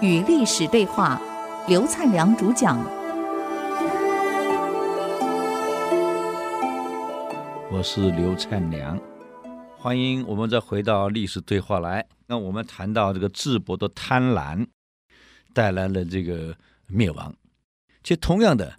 與歷史對話，劉燦樑主講。我是劉燦樑，歡迎我們再回到歷史對話來。那我們談到這個智伯的貪婪帶來了這個滅亡。其實，同樣的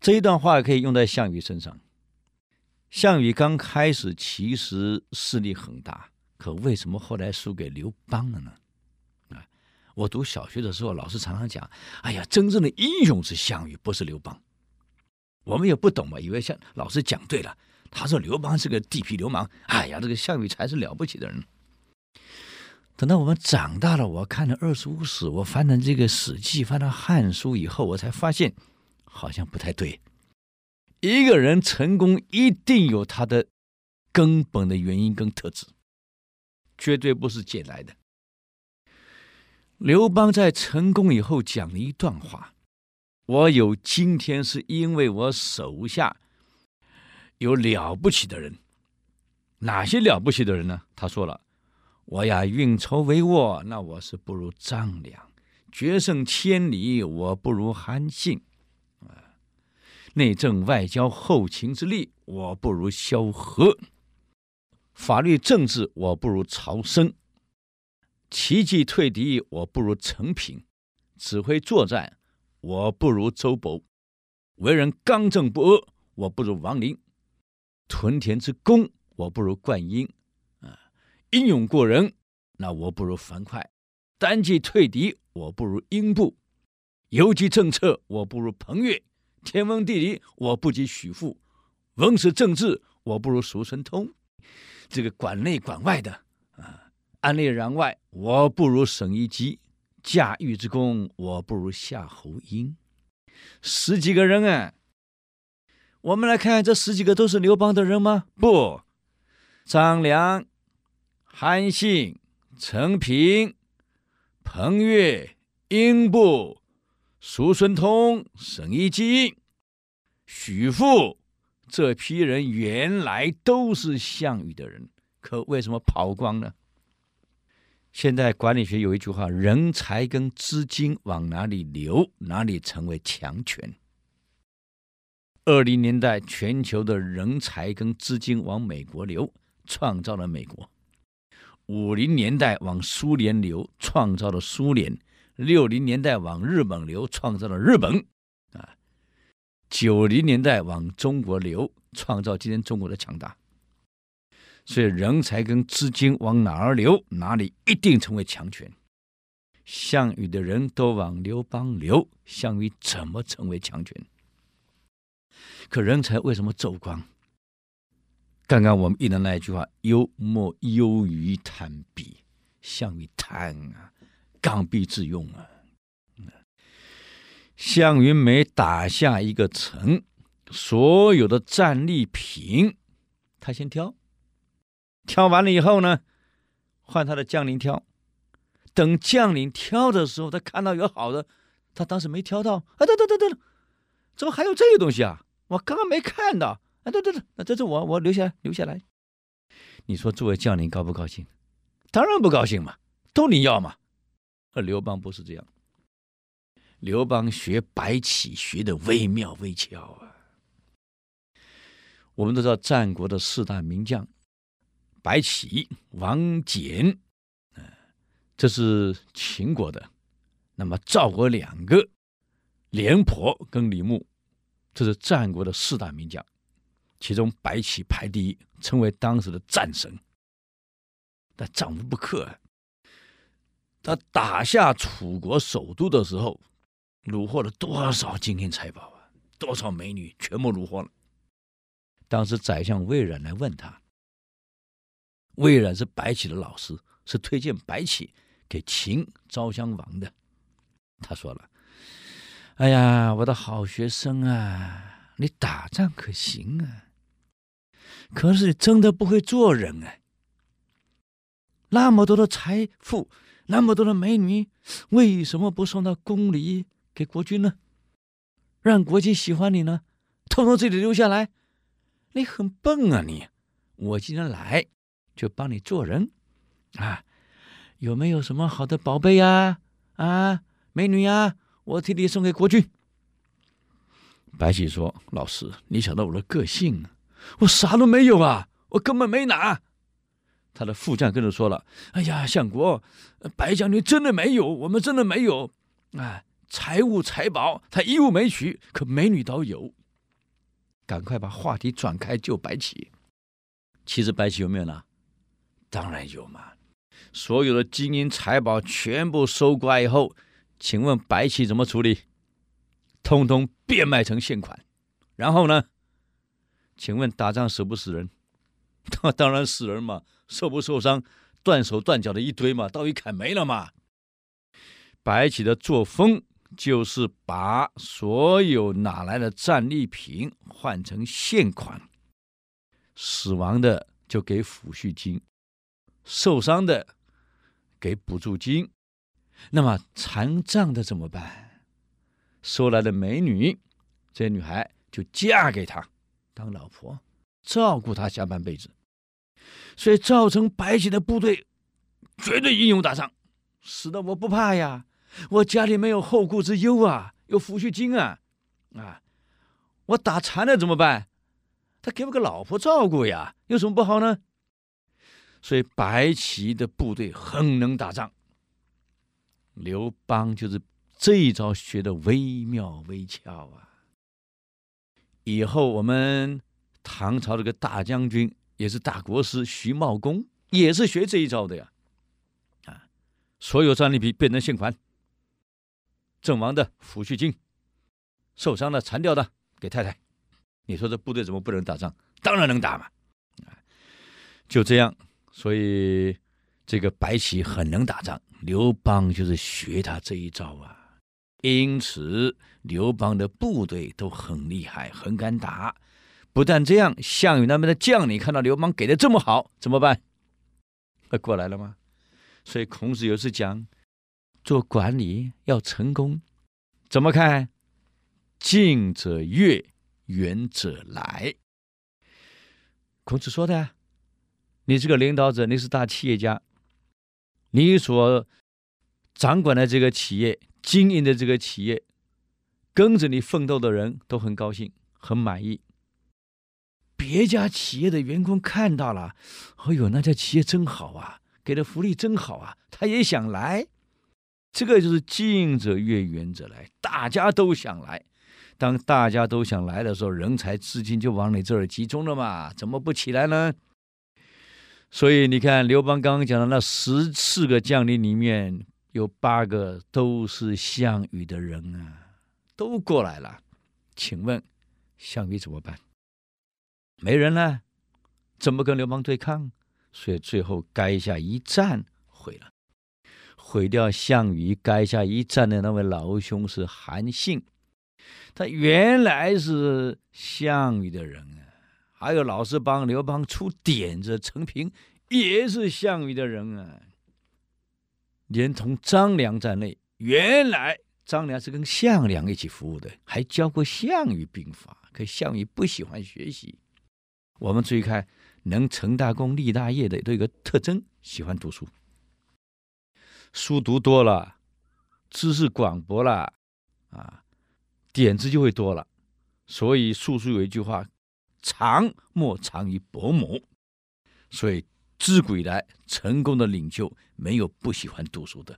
這一段話可以用在項羽身上。項羽剛開始其實勢力很大。可為什麼後來輸給劉邦了呢？啊，我讀小學的時候，老師常常講：“哎呀，真正的英雄是項羽，不是劉邦。”我們也不懂嘛，以為項，老師講對了。他說劉邦是個地痞流氓，哎呀，這個項羽才是了不起的人。等到我們長大了，我看了《二十五史》，我翻到這個《史記》，翻到《漢書》以後，我才發現好像不太對。一個人成功，一定有他的根本的原因跟特質。絕對不是借來的。劉邦在成功以後講了一段話：“我有今天，是因為我手下有了不起的人。哪些了不起的人呢？他說了：我呀，運籌帷幄，那我是不如張良；決勝千里，我不如韓信；啊，內政外交後勤之力，我不如蕭何。”法律政治，我不如曹參；奇計退敵，我不如陳平；指揮作戰，我不如周勃；為人剛正不阿，我不如王陵；屯田之功，我不如灌嬰；啊，英勇過人，那我不如樊噲；單騎退敵，我不如英布；游擊政策，我不如彭越；天文地理，我不及許負；文史政治，我不如叔孫通。這個管內管外的啊，安內攘外，我不如審食其，駕馭之功，我不如夏侯嬰。十幾個人哎、啊，我們來看，看這十幾個都是劉邦的人嗎？不，張良、韓信、陳平、彭越、英布、叔孫通、審食其、許負。這批人原來都是項羽的人，可為什麼跑光呢？現在管理學有一句話：人才跟資金往哪裡流，哪裡成為強權。二零年代全球的人才跟資金往美國流，創造了美國；五零年代往蘇聯流，創造了蘇聯；六零年代往日本流，創造了日本。九零年代往中國流，創造今天中國的強大。所以人才跟資金往哪兒流，哪裡一定成為強權。項羽的人都往劉邦流，項羽怎麼成為強權？可人才為什麼走光？剛剛我們一人那一句話：“幽莫幽於貪鄙。”項羽貪啊，剛愎自用啊。項羽每打下一個城，所有的戰利品他先挑，挑完了以後呢，換他的將領挑。等將領挑的時候，他看到有好的，他當時沒挑到，啊，等等等等，怎麼還有這些東西啊？我剛剛沒看到，啊，對對對，那這是我我留下來留下來。你說作為將領高不高興？當然不高興嘛，都你要嘛。而劉邦不是這樣。劉邦學白起，學的微妙微巧啊！我們都知道戰國的四大名將，白起、王翦，嗯，這是秦國的；那麼趙國兩個，廉頗跟李牧，這是戰國的四大名將。其中白起排第一，成為當時的戰神。但戰無不克啊，他打下楚國首都的時候。虜獲了多少金銀財寶啊！多少美女全部虜獲了。當時宰相魏冉來問他，魏冉是白起的老師，是推薦白起給秦昭襄王的。他說了：“哎呀，我的好學生啊，你打仗可行啊，可是你真的不會做人啊！那麼多的財富，那麼多的美女，為什麼不送到宮裡？”給國君呢，讓國君喜歡你呢，偷偷自己留下來，你很笨啊！你，我既然來，就幫你做人，啊，有沒有什麼好的寶貝呀、啊？啊，美女呀、啊，我替你送給國君。白起說：“老師，你曉得我的個性，我啥都沒有啊，我根本沒拿。”他的副將跟着說了：“哎呀，相國，白將軍真的沒有，我們真的沒有。”啊。財物財寶他一物沒取，可美女倒有。趕快把話題轉開，救白起。其實白起有沒有呢？當然有嘛。所有的金銀財寶全部收刮以後，請問白起怎麼處理？通通變賣成現款。然後呢？請問打仗死不死人？那當然死人嘛，受不受傷？斷手斷腳的一堆嘛，刀一砍沒了嘛。白起的作風。就是把所有拿來的戰利品換成現款，死亡的就給撫卹金，受傷的給補助金，那麼殘障的怎麼辦？收來的美女，這女孩就嫁給他當老婆，照顧他下半輩子。所以造成白起的部隊絕對英勇打仗，死的我不怕呀。我家裡沒有後顧之憂啊，有撫恤金啊，啊，我打殘了怎麼辦？他給我個老婆照顧呀，有什麼不好呢？所以白起的部隊很能打仗。劉邦就是這一招學得維妙維肖啊。以後我們唐朝這個大將軍也是大國師徐茂公，也是學這一招的呀。啊，所有戰利品變成現款。陣亡的撫恤金，受傷的殘掉的給太太。你說這部隊怎麼不能打仗？當然能打嘛！啊，就這樣，所以這個白起很能打仗，劉邦就是學他這一招啊。因此，劉邦的部隊都很厲害，很敢打。不但這樣，項羽那邊的將領看到劉邦給的這麼好，怎麼辦？他過來了嗎？所以孔子有一次講。做管理要成功，怎麼看？近者悅，遠者來。孔子說的，你這個領導者，你是大企業家，你所掌管的這個企業、經營的這個企業，跟着你奮鬥的人都很高興、很滿意。別家企業的員工看到了，哎呦，那家企業真好啊，給的福利真好啊，他也想來。這個就是近者悅，遠者來，大家都想來。當大家都想來的時候，人才資金就往你這兒集中了嘛，怎麼不起來呢？所以你看劉邦剛剛講的那十四個將領裡面，有八個都是項羽的人啊，都過來了。請問項羽怎麼辦？沒人了，怎麼跟劉邦對抗？所以最後垓下一戰毀了。毀掉項羽垓下一戰的那位老兄是韓信，他原來是項羽的人啊。還有老是幫劉邦出點子，陳平也是項羽的人啊。連同張良在內，原來張良是跟項梁一起服務的，還教過項羽兵法。可項羽不喜歡學習。我們注意看，能成大功立大業的都有個特徵，喜歡讀書。書讀多了，知識廣博了，啊，點子就會多了。所以，素書有一句話：“長莫長於博謀。”所以，自古以來，成功的領袖沒有不喜歡讀書的。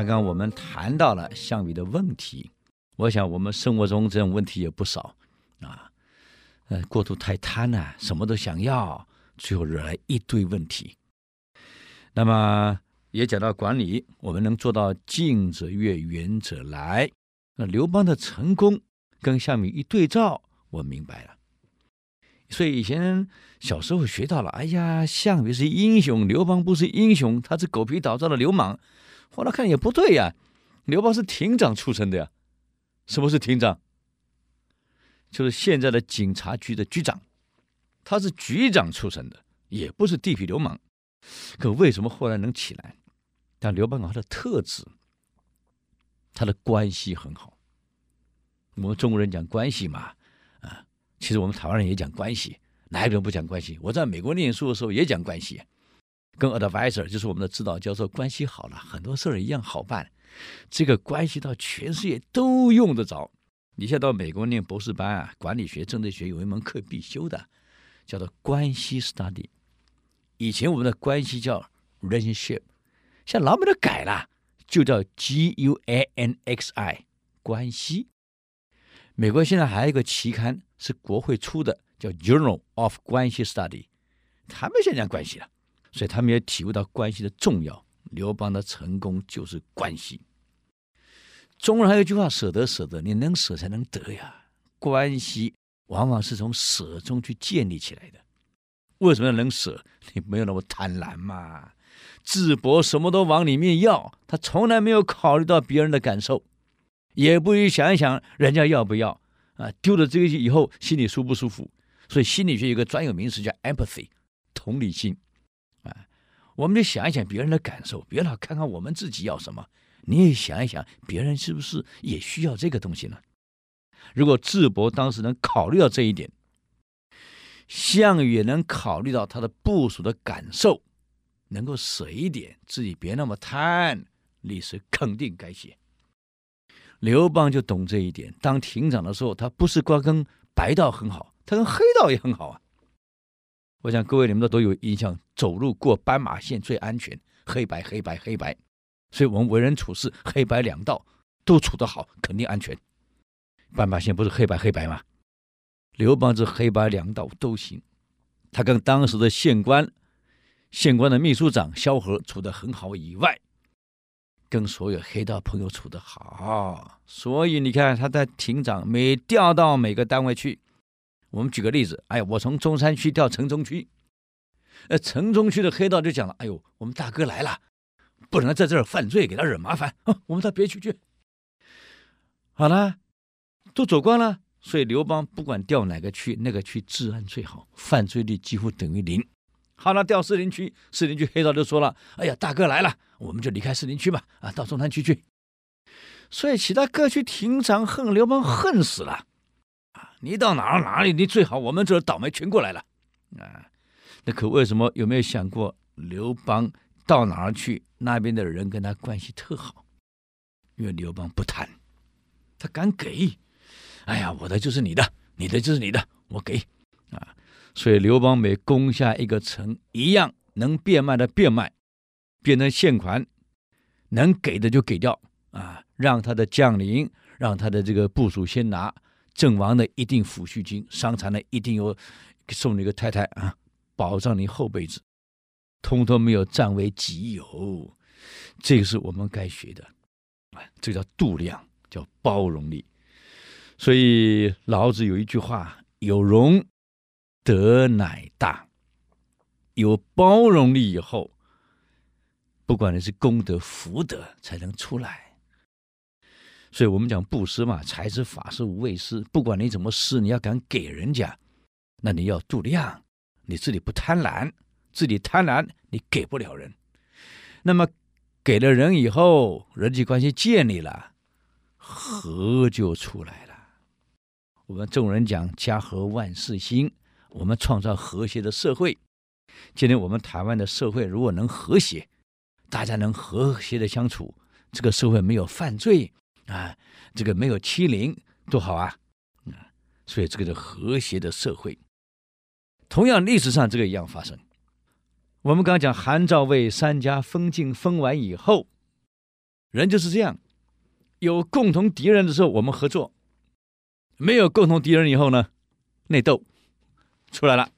剛剛我們談到了項羽的問題，我想我們生活中這種問題也不少啊，呃，過度太貪呢、啊，什麼都想要，最後惹來一堆問題。那麼也講到管理，我們能做到近者悅，遠者來。那劉邦的成功跟項羽一對照，我明白了。所以以前小時候學到了，哎呀，項羽是英雄，劉邦不是英雄，他是狗皮倒灶的流氓。後來看也不對呀，劉邦是亭長出身的呀，什麼是亭長？就是現在的警察局的局長，他是局長出身的，也不是地痞流氓，可為什麼後來能起來？但劉邦和他的特質，他的關係很好。我們中國人講關係嘛，啊，其實我們台灣人也講關係，哪一種不講關係？我在美國念書的時候也講關係。跟 advisor 就是我們的指導教授關係好了，很多事兒一樣好辦。這個關係到全世界都用得着。你像到美國念博士班啊，管理學、政治學有一門課必修的，叫做關係 study。以前我們的關係叫 relationship，現在老美都改了，就叫 guanxi 關係。美國現在還有一個期刊是國會出的，叫 Journal of 關係 study。他們現在講關係了。所以他們也體會到關係的重要。劉邦的成功就是關係。中國人還有一句話：“捨得，捨得，你能捨才能得呀。”關係往往是從捨中去建立起來的。為什麼能捨？你沒有那麼貪婪嘛。智伯什麼都往裡面要，他從來沒有考慮到別人的感受，也不去想一想人家要不要啊。丟了這個以後，心裡舒不舒服？所以心理學有一個專有名詞叫 “empathy”，同理心。我們就想一想別人的感受，別老看看我們自己要什麼。你也想一想，別人是不是也需要這個東西呢？如果智伯當時能考慮到這一點，項羽也能考慮到他的部屬的感受，能夠舍一點，自己別那麼貪，歷史肯定改寫。劉邦就懂這一點，當亭長的時候，他不是光跟白道很好，他跟黑道也很好啊。我想各位你們都都有印象，走路過斑馬線最安全，黑白黑白黑白，所以我們為人處事黑白兩道都處得好，肯定安全。斑馬線不是黑白黑白嗎？劉邦這黑白兩道都行，他跟當時的縣官、縣官的秘書長蕭何處得很好以外，跟所有黑道朋友處得好，所以你看他在亭長，每調到每個單位去。我們舉個例子，哎，我從中山區調城中區，呃，城中區的黑道就講了，哎呦，我們大哥來了，不能在這兒犯罪，給他惹麻煩，我們到別區去、去。好了，都走光了，所以劉邦不管調哪個區，那個區治安最好，犯罪率幾乎等於零。好了，調士林區，士林區黑道就說了，哎呀，大哥來了，我們就離開士林區吧，啊，到中山區去。所以其他各區亭長恨劉邦恨死了。你到哪兒哪裡，你最好，我們這倒霉全過來了，啊，那可為什麼有沒有想過劉邦到哪兒去，那邊的人跟他關係特好，因為劉邦不貪，他敢給，哎呀，我的就是你的，你的就是你的，我給啊，所以劉邦每攻下一個城，一樣能變賣的變賣，變成現款，能給的就給掉啊，讓他的將領，讓他的這個部屬先拿。陣亡的一定撫恤金，傷殘的一定有送你一個太太啊，保障你後輩子，通通沒有占為己有，這個是我們該學的，這叫度量，叫包容力。所以老子有一句話：有容德乃大。有包容力以後，不管你是功德福德，才能出來。所以我們講布施嘛，財施、法施、無畏施，不管你怎麼施，你要敢給人家，那你要度量，你自己不貪婪，自己貪婪你給不了人。那麼給了人以後，人際關係建立了，和就出來了。我們眾人講家和萬事興，我們創造和諧的社會。今天我們台灣的社會如果能和諧，大家能和諧的相處，這個社會沒有犯罪。啊，這個沒有欺凌多好啊！啊、嗯，所以這個是和諧的社會。同樣，歷史上這個一樣發生。我們剛剛講韓趙魏三家分晉分完以後，人就是這樣：有共同敵人的時候我們合作；沒有共同敵人以後呢，內鬥出來了。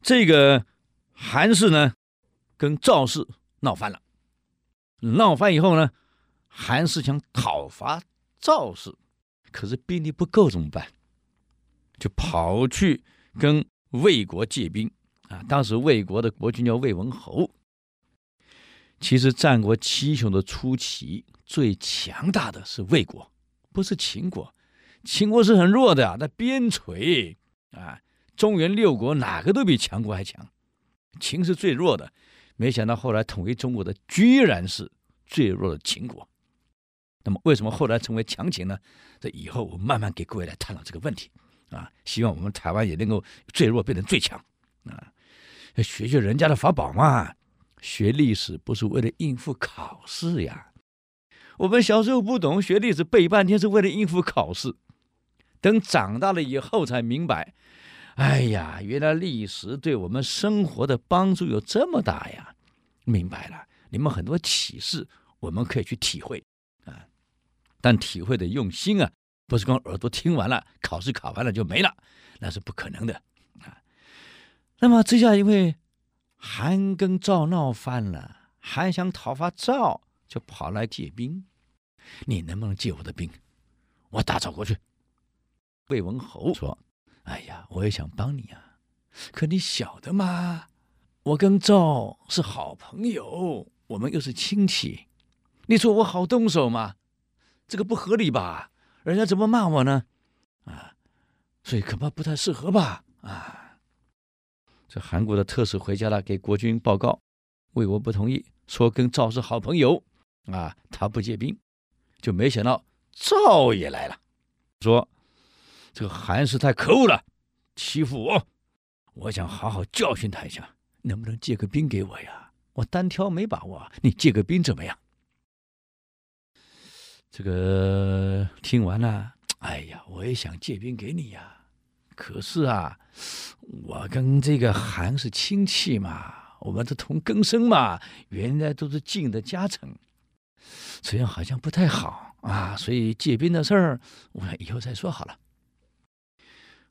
這個韓氏呢，跟趙氏鬧翻了，鬧翻以後呢。韓氏想討伐趙氏，可是兵力不夠，怎麼辦？就跑去跟魏國借兵啊！當時魏國的國君叫魏文侯。其實戰國七雄的初期最強大的是魏國，不是秦國。秦國是很弱的，啊，那邊陲啊，中原六國哪個都比強國還強，秦是最弱的。沒想到後來統一中國的居然是最弱的秦國。那麼為什麼後來成為強秦呢？這以後我慢慢給各位來探討這個問題啊！希望我們台灣也能夠最弱變成最強啊！學學人家的法寶嘛，學歷史不是為了應付考試呀。我們小時候不懂，學歷史背半天是為了應付考試。等長大了以後才明白，哎呀，原來歷史對我們生活的幫助有這麼大呀！明白了，你們很多啟示，我們可以去體會。但體會的用心啊，不是光耳朵聽完了，考試考完了就沒了，那是不可能的啊。那麼這下因為韓跟趙鬧翻了，還想討伐趙，就跑來借兵。你能不能借我的兵？我打趙過去。魏文侯說：“哎呀，我也想幫你啊，可你曉得嗎？我跟趙是好朋友，我們又是親戚，你說我好動手嗎？”這個不合理吧？人家怎麼罵我呢？啊，所以恐怕不太適合吧？啊，這韓國的特使回家了，給國君報告，魏國不同意，說跟趙是好朋友，啊，他不借兵。就沒想到趙也來了，說這個韓氏太可惡了，欺負我，我想好好教訓他一下，能不能借個兵給我呀？我單挑沒把握，你借個兵怎麼樣？這個聽完了，哎呀，我也想借兵給你呀，啊，可是啊，我跟這個韓是親戚嘛，我們是同根生嘛，原來都是晉的家臣，這樣好像不太好啊，所以借兵的事兒，我們以後再說好了。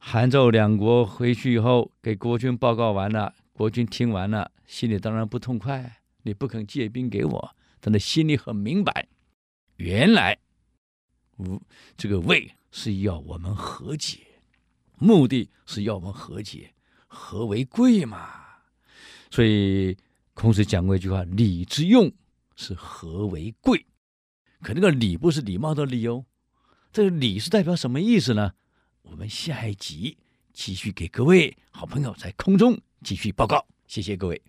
韓趙兩國回去以後，給國君報告完了，國君聽完了，心裡當然不痛快，你不肯借兵給我，他的心裡很明白。原來，無，這個“為”是要我們和解，目的是要我們和解，和為貴嘛。所以，孔子講過一句話：“禮之用，是和為貴。”可那個“禮”不是禮貌的“禮”哦，這個“禮”是代表什麼意思呢？我們下一集繼續給各位好朋友在空中繼續報告，謝謝各位。